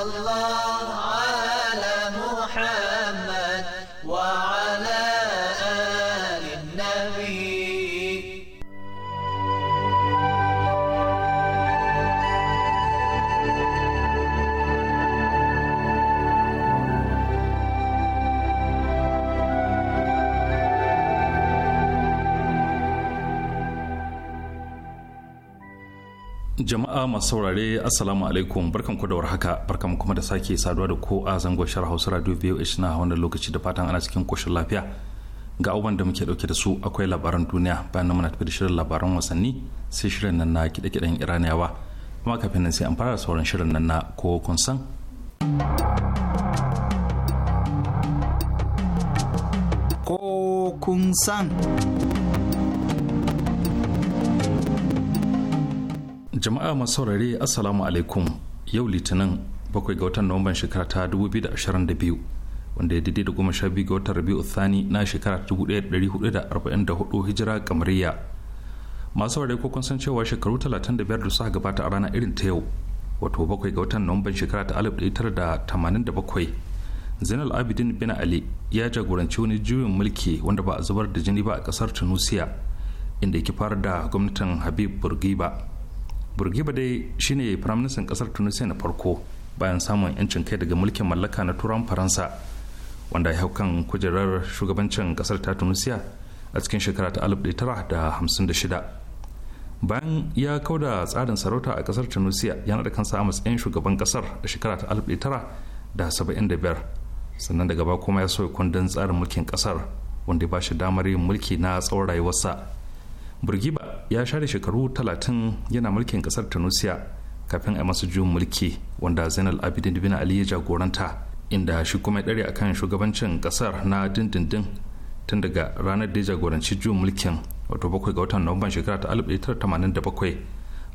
Allah. jama'a masu saurare assalamu alaikum barkan ku da warhaka barkan kuma da sake saduwa da ko a zangon shar hausa radio ishina na wannan lokaci da fatan ana cikin koshin lafiya ga abubuwan da muke dauke da su akwai labaran duniya bayan nan muna tafi da shirin labaran wasanni sai shirin nan na kide-kiden iraniyawa kuma kafin nan sai an fara sauran shirin nan na ko kun san ko kun san jama'a masu saurare assalamu alaikum yau litinin bakwai ga watan nuwamban shekara ta 2022 wanda ya daidai da goma sha biyu ga watan rabi'u thani na shekara 1444 hijira kamariya masu saurare ko kun san cewa shekaru 35 da suka gabata a rana irin ta yau wato bakwai ga watan nuwamban shekara ta 1987 zainal abidin bin ali ya jagoranci wani juyin mulki wanda ba a zubar da jini ba a kasar tunusiya inda ya fara da gwamnatin habib burgiba burgiba dai shine firaministan kasar tunisia na farko bayan samun 'yancin kai daga mulkin mallaka na turan faransa wanda ya hau kan kujerar shugabancin kasar ta tunisia a cikin shekara ta 1956 bayan ya kauda tsarin sarauta a kasar tunisia ya naɗa kansa a matsayin shugaban kasar a shekara ta 1975 sannan daga ba kuma ya soya kundin tsarin mulkin kasar wanda ba shi damar yin mulki na tsawon rayuwarsa burgiba ya share shekaru talatin yana mulkin kasar tunisia kafin a masu juyin mulki wanda zainal abidin bin ali ya jagoranta inda shi kuma ya a akan shugabancin kasar na dindindin tun daga ranar da ya jagoranci juyin mulkin wato bakwai ga watan nuwamban shekara ta 1987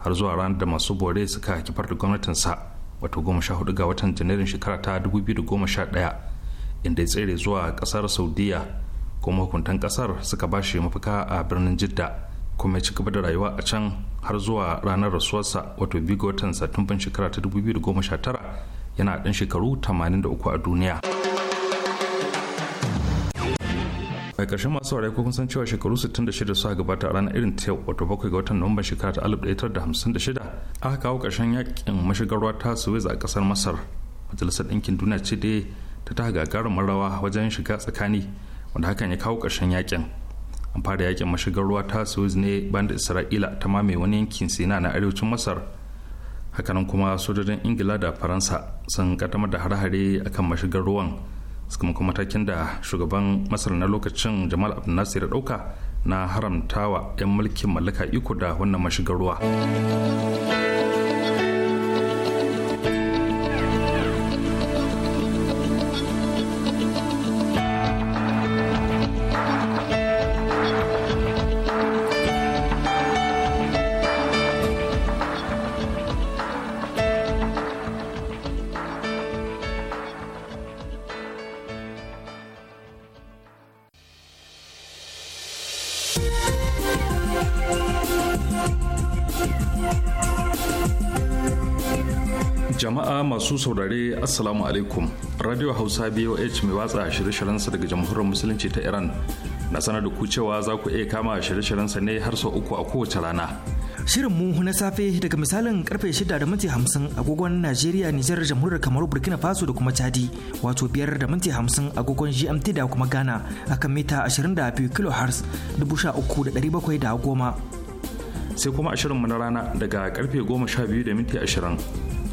har zuwa ranar da masu bore suka kifar da gwamnatinsa wato goma sha hudu ga watan janairun shekara ta 2011 inda ya tsere zuwa kasar saudiya kuma hukuntan kasar suka bashi shi mafaka a birnin jidda kuma ci gaba da rayuwa a can har zuwa ranar rasuwarsa wato biyu ga watan satumban shekara ta 2019 yana dan shekaru 83 a duniya. a ƙarshen masu ware ko kun san cewa shekaru 66 suka gabata a ranar irin ta yau wato bakwai ga watan nuwamban shekara ta 1956 aka kawo ƙarshen yakin mashigar ruwa ta suez a ƙasar masar majalisar ɗinkin duniya ce da ta ta gagarumin rawa wajen shiga tsakani wanda hakan ya kawo ƙarshen yakin an fara yakin mashigar ruwa ta suez ne banda isra'ila ta mame wani yankin sina na arewacin masar hakanan kuma sojojin ingila da faransa sun kaddamar da hare-hare akan mashigar ruwan kuma matakin da shugaban masar na lokacin jamal abdulnasir ya dauka na haramtawa 'yan mulkin mallaka iko da wannan mashigar ruwa masu saurare assalamu alaikum radio hausa boh mai watsa shirye sa daga jamhuriyar musulunci ta iran na sanar da ku cewa za ku iya kama shirye sa ne har sau uku a kowace rana Shirinmu na safe daga misalin karfe shida da minti 50 agogon Najeriya, Nijar, Jamhuriyar Kamaru, Burkina Faso da kuma Chadi, wato biyar da minti 50 agogon GMT da kuma Ghana akan mita 22 da goma. Sai kuma a mu na rana daga karfe goma sha biyu da minti ashirin.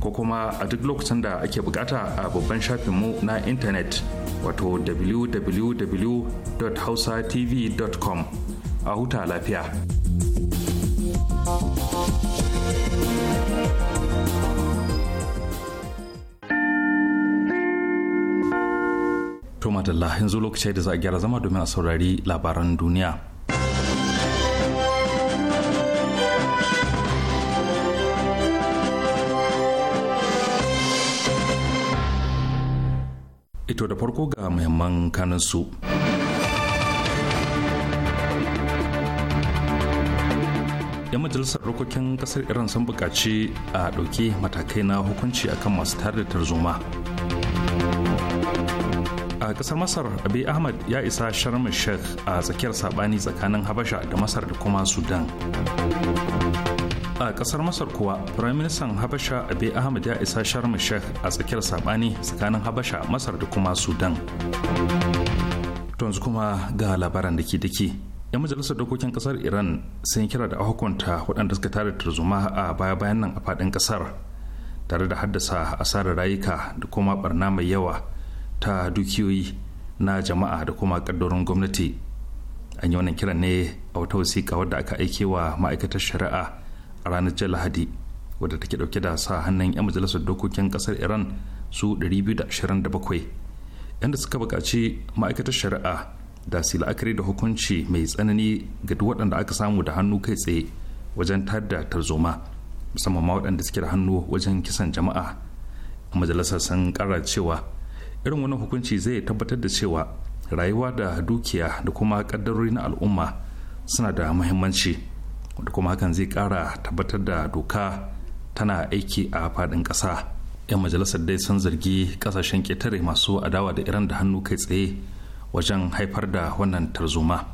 ko kuma a duk lokacin da ake bukata a babban shafinmu na intanet wato www.hausatv.com a huta lafiya. To madalla yanzu lokacin da za a gyara zama domin a saurari labaran duniya. to da farko ga muhimman kanin su. yan majalisar rokokin kasar iran sun buƙaci a ɗauki matakai na hukunci akan masu tare da tarzoma a ƙasar masar abi ahmad ya isa sharm sheikh a tsakiyar saɓani tsakanin habasha da masar da kuma sudan a kasar masar kuwa firaministan habasha abe ahmad ya isa sharm sheikh a tsakiyar sabani tsakanin habasha masar da kuma sudan yanzu kuma ga labaran da ke dake yan majalisar dokokin kasar iran sun kira da hukunta waɗanda suka tare tarzoma a baya-bayan nan a faɗin kasar tare da haddasa asarar rayuka da kuma barna mai yawa ta dukiyoyi na jama'a da kuma ƙaddarin gwamnati an yi wannan kiran ne a wata wasiƙa wadda aka aike wa ma'aikatar shari'a a ranar jiya lahadi wadda take dauke da sa hannun 'yan majalisar dokokin kasar iran su 227 yadda suka bukaci ma'aikatar shari'a da su la'akari da hukunci mai tsanani ga duk waɗanda aka samu da hannu kai tsaye wajen tada tarzoma musamman ma waɗanda suke da hannu wajen kisan jama'a majalisar sun ƙara cewa irin wani hukunci zai tabbatar da cewa rayuwa da dukiya da kuma ƙaddarori na al'umma suna da muhimmanci wanda kuma hakan zai kara tabbatar da doka tana aiki a faɗin ƙasa 'yan majalisar dai sun zargi kasashen ketare masu adawa da iran da hannu kai tsaye wajen haifar da wannan tarzoma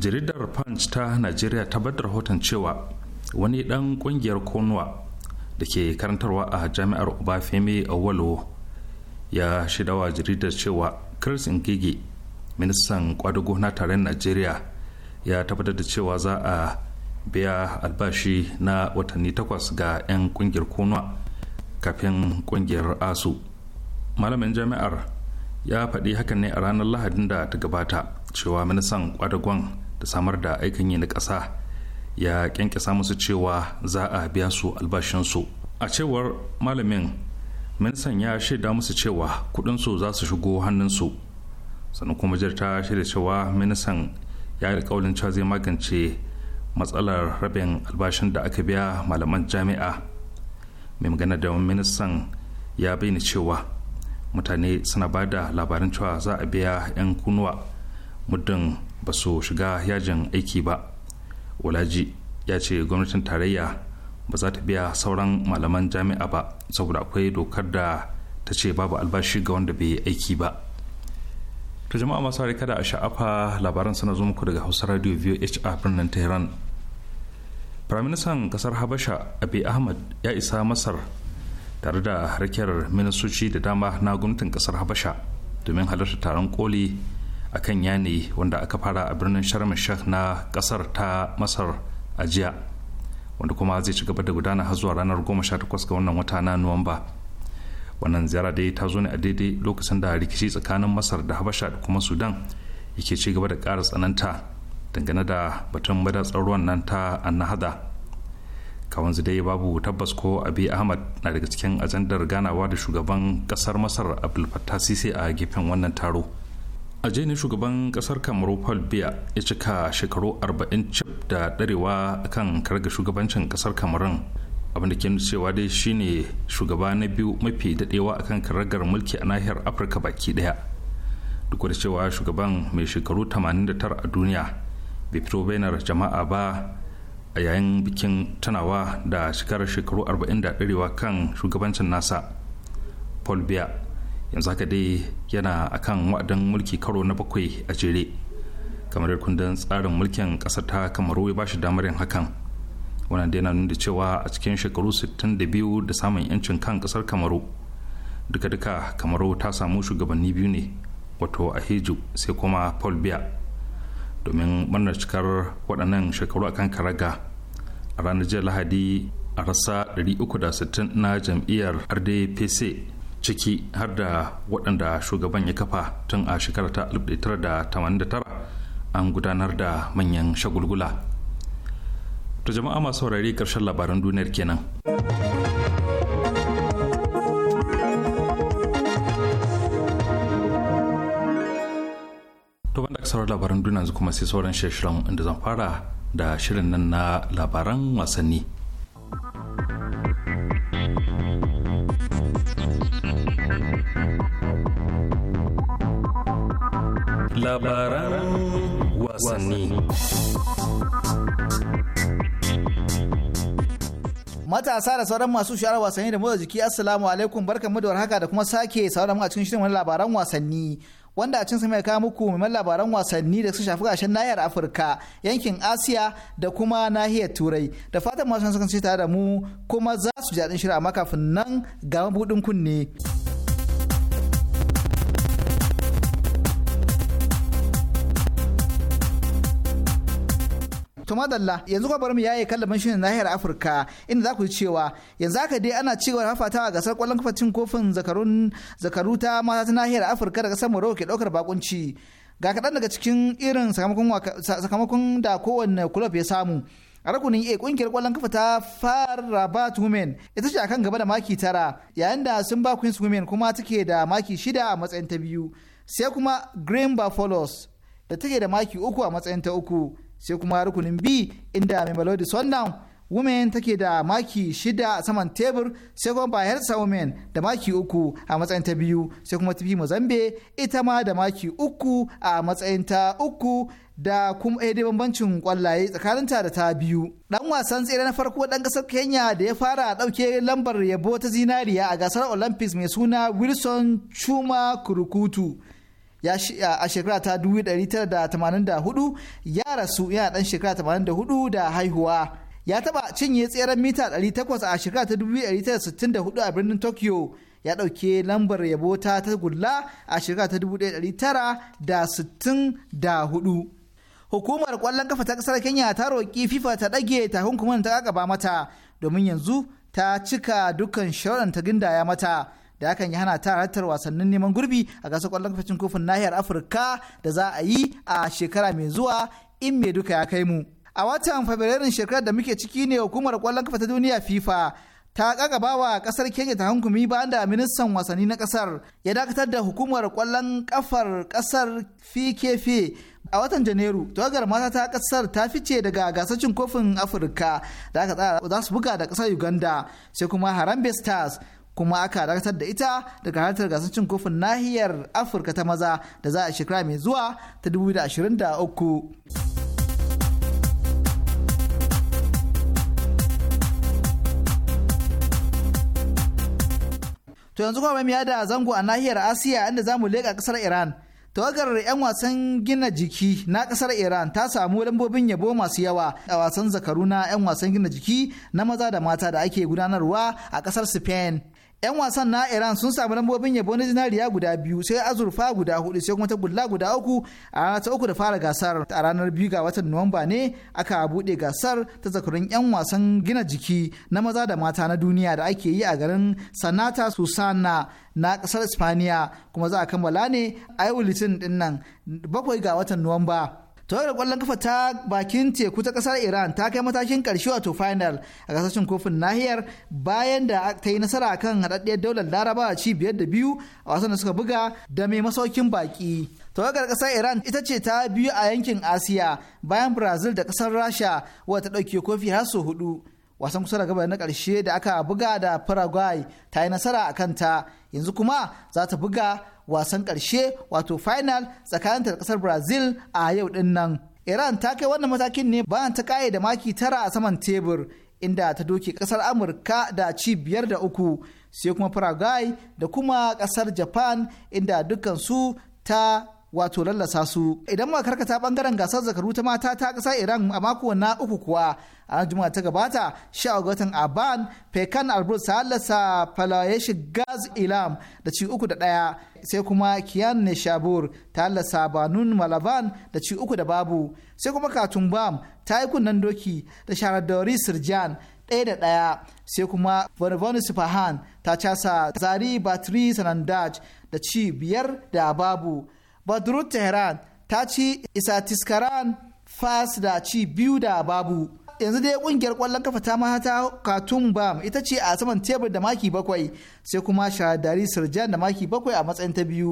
jaridar punch ta najeriya ta bar rahoton cewa wani dan kungiyar konuwa da ke karantarwa a jami'ar obafemi awolowo ya shidawa jaridar cewa chris ngigi ministan kwadago na taron najeriya ya tabbatar da cewa za a biya albashi na watanni takwas ga 'yan kungiyar konuwa kafin kungiyar asu malamin jami'ar ya faɗi hakan ne a ranar lahadin da ta gabata cewa minisan kwadagon da samar da aikin yi na ƙasa ya kyankyasa musu cewa za a biya su albashinsu a cewar malamin minisan ya shaida musu cewa kudinsu za su shigo hannunsu sannan kuma jirta ta shaida cewa minisan. ya yi alkawalin cewa zai magance matsalar rabin albashin da aka biya malaman jami'a mai magana da ministan ya bayyana cewa mutane suna ba da labarin cewa za a biya 'yan kunuwa muddin ba su shiga yajin aiki ba walaji ya ce gwamnatin tarayya ba za ta biya sauran malaman jami'a ba saboda akwai dokar da ta ce babu albashi ga wanda bai aiki ba. to jama'a masu harika da a sha'afa labaran sana zo muku daga hausa radio voh a birnin tehran firaministan kasar habasha abi ahmad ya isa masar tare da harkar ministoci da dama na gwamnatin kasar habasha domin halarta taron koli a kan yane wanda aka fara a birnin sharm el-shah na kasar ta masar a jiya wanda kuma zai ci gaba da gudana har zuwa ranar 18 ga wannan wata na nuwamba wannan ziyara dai ta zo ne a daidai lokacin da rikici tsakanin masar da habasha da kuma sudan yake ci gaba da ƙara tsananta dangane da batun madatsar ruwan nan ta annahada kawan dai babu tabbas ko abi ahmad na daga cikin ajandar ganawa da shugaban kasar masar abdul fattah sisi a gefen wannan taro a ne shugaban kasar kamaru paul biya ya cika shekaru 40 cif da darewa kan karga shugabancin kasar kamarun abinda ke cewa dai shine shugaba na biyu mafi dadewa akan karagar mulki a nahiyar afirka baki daya duk da cewa shugaban mai shekaru 89 a duniya bai fito bainar jama'a ba a yayin bikin tunawa da shekarar shekaru 40 da ɗarewa kan shugabancin nasa paul biya yanzu haka dai yana akan wa'adin mulki karo na bakwai a jere kamar kundin tsarin mulkin ƙasar ta kamaru ya ba shi damar yin hakan wannan da yana nuna cewa a cikin shekaru 62 da samun yancin kan kasar kamaru duka-duka kamaru ta samu shugabanni biyu ne wato a heju sai kuma paul biya domin murnar cikar waɗannan shekaru akan karaga a ranar jiya lahadi a rasa 360 na jam'iyyar rdpc ciki har da waɗanda shugaban ya kafa tun a shekara ta 1989 an gudanar da manyan shagulgula to jama'a masu saurari karshen labaran duniyar kenan to banda saurari labaran duniya yanzu kuma sai sauran shirin inda zan fara da shirin nan na labaran wasanni labaran matasa da sauran masu shara wasanni da motsa jiki assalamu alaikum barkanmu da warhaka da kuma sake sauran mu a cikin shirin wani labaran wasanni wanda a cikin mai kawo muku mai labaran wasanni da su shafi gashin nahiyar Afirka yankin Asiya da kuma nahiyar Turai da fatan masu sukan ce tare da mu kuma za su ji daɗin shirin amma kafin nan ga mabuɗin kunne. To madalla yanzu kuma bari mu yaye kallaban na nahiyar Afirka inda za ku ji cewa yanzu haka dai ana cewa hafatawa gasar kwallon kafa kofin zakarun zakaru ta mata ta nahiyar Afirka daga san Morocco ke daukar bakunci. Ga kaɗan daga cikin irin sakamakon da kowanne kulob ya samu. a rukunin a kungiyar kwallon kafa ta farabat women ita ce akan gaba da maki tara yayin da sun ba queens women kuma take da maki shida a matsayin ta biyu sai kuma green buffaloes da take da maki uku a matsayin ta uku sai kuma rukunin b inda mai melody sundown women take da maki shida a saman tebur sai kuma bayelsa women da maki uku a matsayin ta biyu sai kuma tafi mozambe ita ma da maki uku a matsayin ta uku da kuma eh, da bambancin kwallaye tsakaninta da ta biyu dan wasan tsere na farko dan kasar kenya da ya fara ɗauke lambar yabo ta zinariya a gasar olympics mai suna wilson chuma kurukutu ya a shekara ta 1984 ya rasu yana dan shekara 84 da haihuwa ya taba cinye tseren mita 800 a shekara ta 1964 a birnin tokyo ya dauke lambar yabo ta tagulla a shekara ta 1964 hukumar kwallon kafa ta kasar kenya ta roƙi fifa ta ɗage takunkuman ta gaba mata domin yanzu ta cika dukkan shawarar ta gindaya mata da hakan ya hana ta halartar wasannin neman gurbi a gasar kwallon kafin kofin nahiyar afirka da za a yi a shekara mai zuwa in mai duka ya kai mu a watan fabrairun shekarar da muke ciki ne hukumar kwallon kafa ta duniya fifa ta kakaba wa kasar kenya ta hankumi bayan da ministan wasanni na kasar ya dakatar da hukumar kwallon kafar kasar fkf a watan janairu tawagar mata ta kasar ta fice daga gasar cin kofin afirka da aka tsara za su buga da kasar uganda sai kuma harambe stars kuma aka dakatar da ita daga halartar gasar cin kofin nahiyar afirka ta maza da za a shekara mai zuwa ta 2023 to yanzu kuma mai da zango a nahiyar asiya inda zamu leƙa ƙasar iran tawagar 'yan wasan gina jiki na kasar iran ta samu lambobin yabo masu yawa a wasan zakaru na 'yan wasan gina jiki na maza da mata da ake gudanarwa a kasar spain 'yan wasan na iran sun samu lambobin yabo na zinariya guda biyu sai azurfa guda hudu sai kuma tagulla guda uku a ranar ta uku da fara gasar a ranar biyu ga watan nuwamba ne aka bude gasar ta zakarun 'yan wasan gina jiki na maza da mata na duniya da ake yi a garin sanata susana na kasar ispaniya kuma za a kammala ne a yau litin dinnan bakwai ga watan nuwamba tawagar kwallon kafa ta bakin teku ta kasar iran ta kai matakin karshe wato final a kasashen kofin nahiyar bayan da ta yi nasara kan haɗaɗɗiyar daular laraba ci biyar da biyu a wasan da suka buga da mai masaukin baki tawagar kasar iran ita ce ta biyu a yankin asiya bayan brazil da kasar rasha wata ta ɗauke kofi har sau hudu wasan kusa da gaba na karshe da aka buga da paraguay ta yi nasara a kanta yanzu kuma za ta buga wasan ƙarshe wato final tsakaninta da ƙasar brazil a yau din nan iran ta kai wannan matakin ne bayan ta kaye da maki tara a saman tebur inda ta doke ƙasar amurka da ci biyar da uku sai kuma paraguay da kuma ƙasar japan inda dukkansu ta wato lallasa su idan ma karkata bangaren gasar zakaru ta mata ta kasa iran a mako na uku kuwa a ranar juma'a ta gabata sha watan aban pekan albrus ta lallasa falayeshi gaz ilam da ci uku da daya sai kuma kiyan shabur ta lallasa banun malaban da ci uku da babu sai kuma katun bam ta yi kunnen doki da sharadori sirjan ɗaya da ɗaya sai kuma Vanvani Sifahan ta casa Zari Batri Sanandaj da ci biyar da babu badrut tehran ta ci isa isatiskaran fas da ci biyu da babu yanzu dai kungiyar kwallon kafa ta mata katun bam ita ce a saman tebur da maki bakwai sai kuma shahadari sirjan da maki bakwai a matsayin ta biyu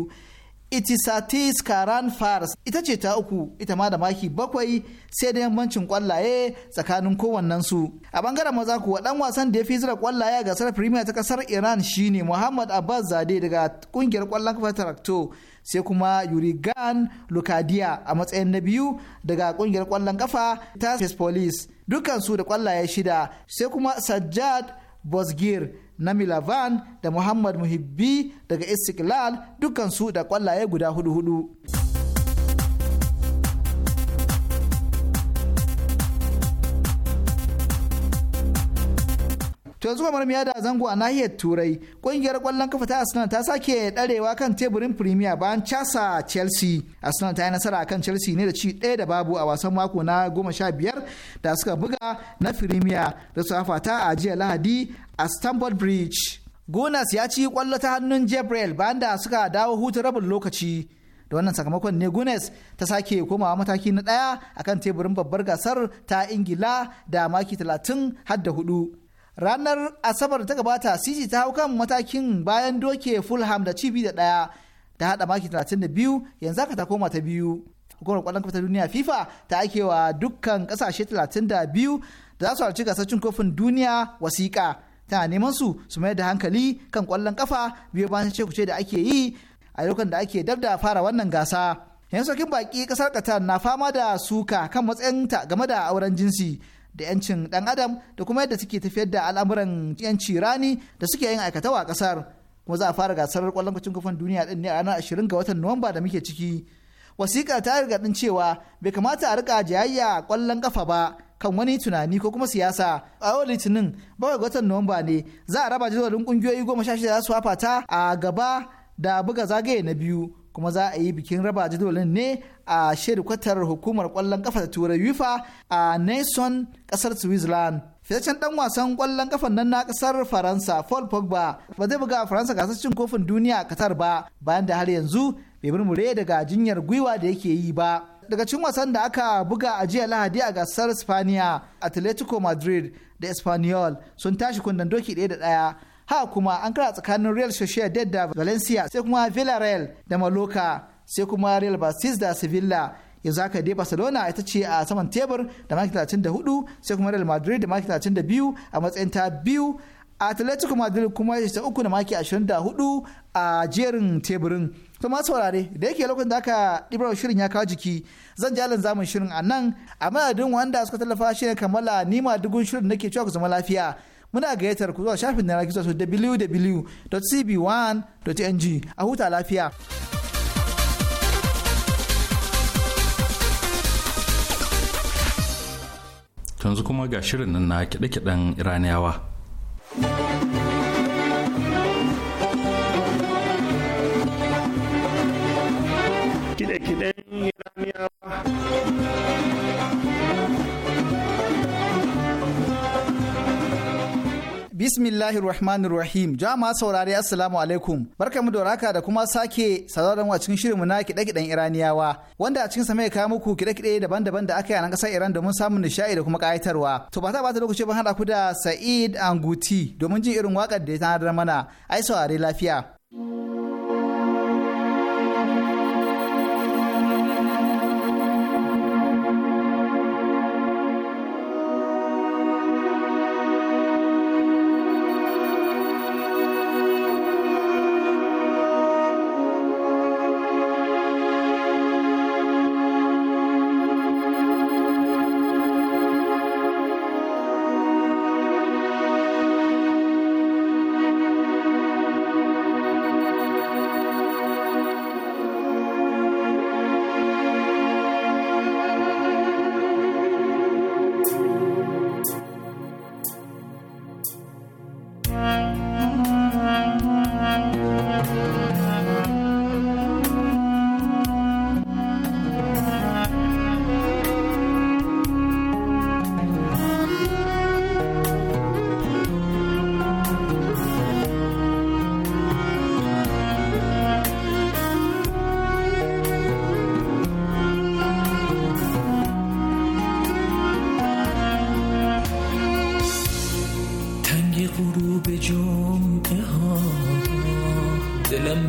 itisatis karan fars ita ce ta uku ita ma da maki bakwai sai da yammancin kwallaye tsakanin kowannen su a bangaren maza kuwa dan wasan da ya fi zira kwallaye a gasar premier ta kasar iran shine muhammad abbas zade daga kungiyar kwallon kafa tarakto sai kuma yurigan lukadiya a matsayin na biyu daga kungiyar kwallon kafa ta police dukansu da kwallaye shida sai kuma sajjad bosgir na Milavan da Muhammad Muhibbi daga Istiklal dukansu da kwallaye guda hudu-hudu. to yanzu marmiya da zango a nahiyar turai kungiyar kwallon kafa ta arsenal ta sake darewa kan teburin premier bayan casa chelsea arsenal ta yi nasara kan chelsea ne da ci ɗaya da babu a wasan mako na goma sha biyar da suka buga na premier da su hafata a jiya lahadi a Stamford Bridge. Gunas ya ci kwallo ta hannun Jebrel bayan da suka dawo hutun rabin lokaci. Da wannan sakamakon ne Gunes ta sake komawa mataki na ɗaya a kan teburin babbar gasar ta Ingila da maki talatin har da hudu. Ranar Asabar ta gabata City ta hau kan matakin bayan doke Fulham da cibi da ɗaya ta haɗa maki talatin da biyu yanzu haka ta koma ta biyu. Hukumar kwallon kafa ta duniya FIFA ta aikewa dukkan ƙasashe talatin da biyu da za su halarci gasar cin kofin duniya wasiƙa. tana neman su su mayar da hankali kan kwallon kafa biyu bayan ce kuce da ake yi a lokacin da ake dab da fara wannan gasa yan sokin baki kasar qatar na fama da suka kan matsayinta game da auren jinsi da yancin dan adam da kuma yadda suke tafiyar da al'amuran yanci rani da suke yin aikatawa a kasar kuma za a fara gasar kwallon kacin kafan duniya din ne a ranar 20 ga watan nuwamba da muke ciki wasiƙa ta riga din cewa bai kamata a rika jayayya kwallon kafa ba kan wani tunani ko kuma siyasa a yau litinin bakwai ga watan nuwamba ne za a raba jadawalin kungiyoyi goma sha shida za su fafata a gaba da buga zagaye na biyu kuma za a yi bikin raba jadawalin ne a kwatar hukumar kwallon kafa ta turai wifa a nason kasar switzerland fitaccen dan wasan kwallon kafan nan na kasar faransa paul pogba ba zai buga faransa gasar cin kofin duniya a qatar ba bayan da har yanzu bai mure daga jinyar gwiwa da yake yi ba daga cikin wasan da aka buga a jiya lahadi a gasar spaniya atletico madrid da espanyol sun tashi kundan doki ɗaya da ɗaya ha kuma an kara tsakanin real sociedad da valencia sai kuma villarreal da maloka sai kuma real basis da sevilla ya zaka dai barcelona ita ce a saman tebur da maki 34 sai kuma real madrid da maki 32 a matsayin ta biyu atletico madrid kuma ta uku da maki 24 a jerin teburin to ma saurare da yake lokacin da aka ɗibar shirin ya kawo jiki zan alin zamun shirin a nan a madadin wanda suka tallafa shi ne kammala nima dugun shirin da nake cewa ku zama lafiya muna gayyatar ku zuwa shafin na rakisa su www.cb1.ng a huta lafiya. yanzu kuma ga shirin nan na kiɗe-kiɗen iraniyawa. Bismillahir Rahmanir Rahim. Jama'a saurari Assalamu alaikum. Barkamu da raka da kuma sake sauraron mu a cikin shirinmu na kiɗe-kiɗen Iraniyawa, wanda a cikin sa mai kawo muku kiɗe-kiɗe daban-daban da aka yi a nan ƙasar Iran domin samun nishaɗi da kuma ƙayatarwa. To ba ta bata lokaci ban haɗa ku da Sa'id Anguti domin jin irin waƙar da ya tanadar mana. Ai saurari lafiya.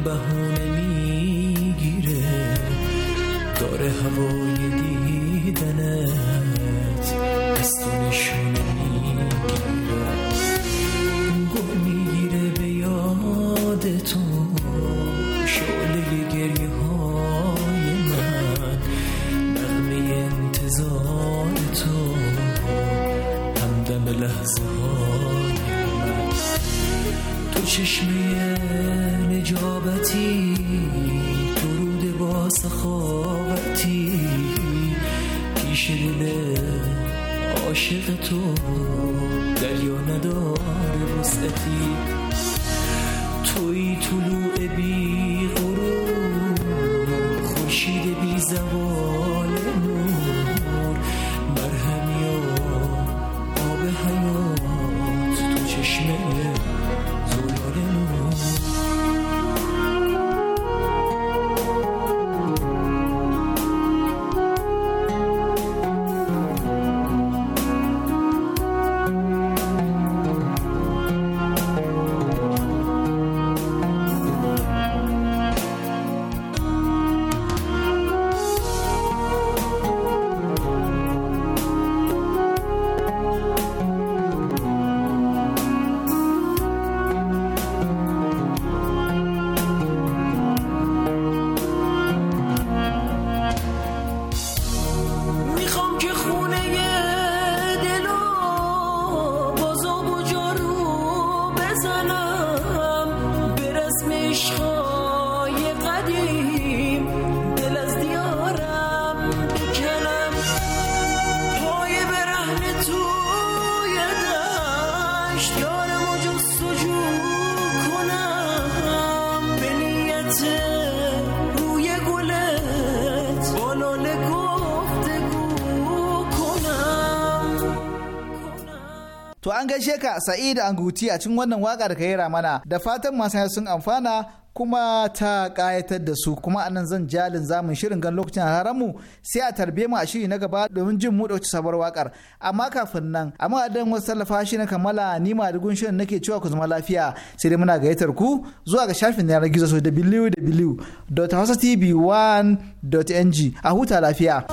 bahut is عشقای قدیم an gaishe ka sa'id anguti a cikin wannan waka da ka yi ramana da fatan masu sun amfana kuma ta kayatar da su kuma anan zan jalin zamun shirin gan lokacin mu sai a tarbe mu a shiri na gaba domin jin mu dauki sabar wakar amma kafin nan amma adan wasu tallafa shi na kammala ni ma dugun shirin nake cewa ku zama lafiya sai dai muna gayyatar ku zuwa ga shafin yanar gizo so www.hausatv1.ng a huta lafiya.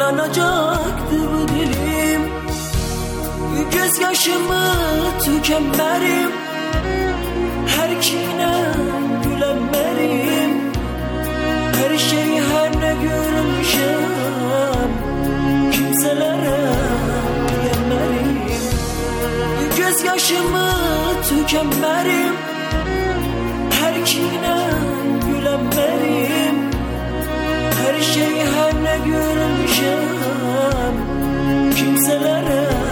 parlanacaktı bu dilim Göz yaşımı tükenmerim Her kimine gülenmerim Her şeyi her ne görmüşüm Kimselere bilemerim Göz yaşımı tükenmerim Her kimine şeyhane gülmüşem kimselere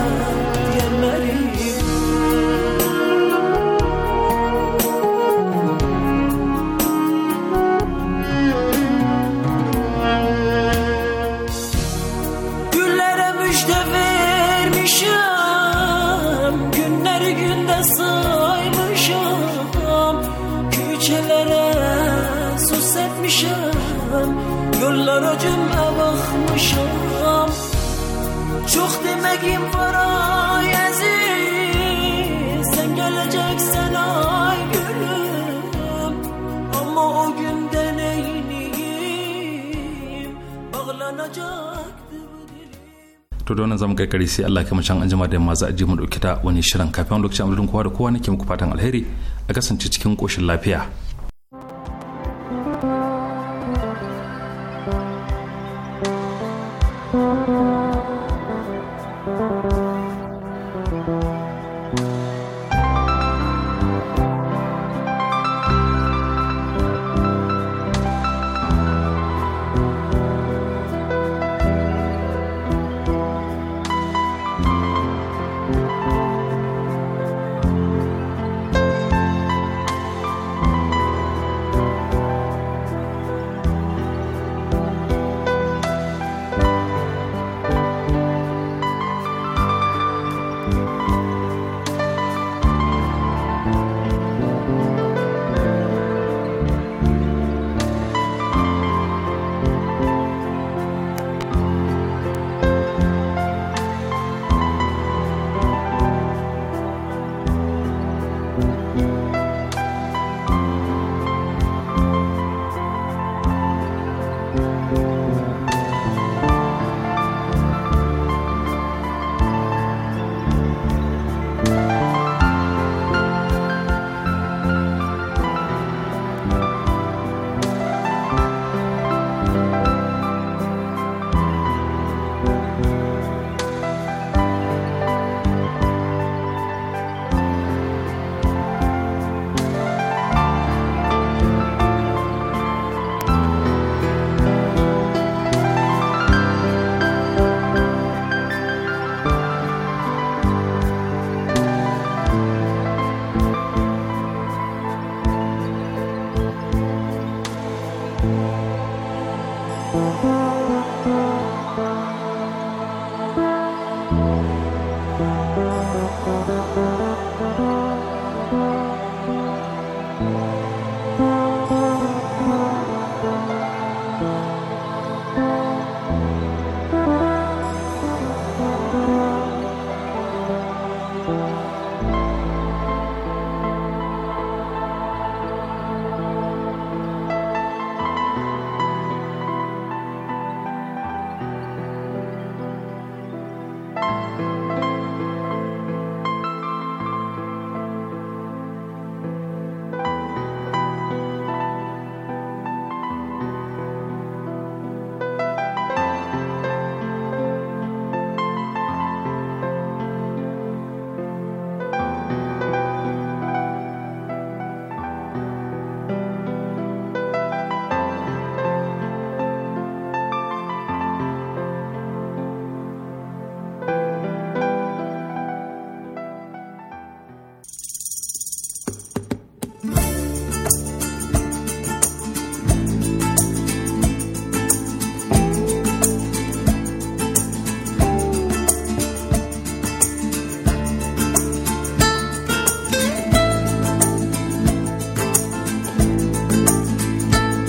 bakmışam Yollara cümle bakmışam Çok var ay to zamu kai kare sai Allah kuma can anjima da yamma za a je mu dauki ta wani shirin kafin lokacin amudin kowa da kowa nake muku fatan alheri a kasance cikin koshin lafiya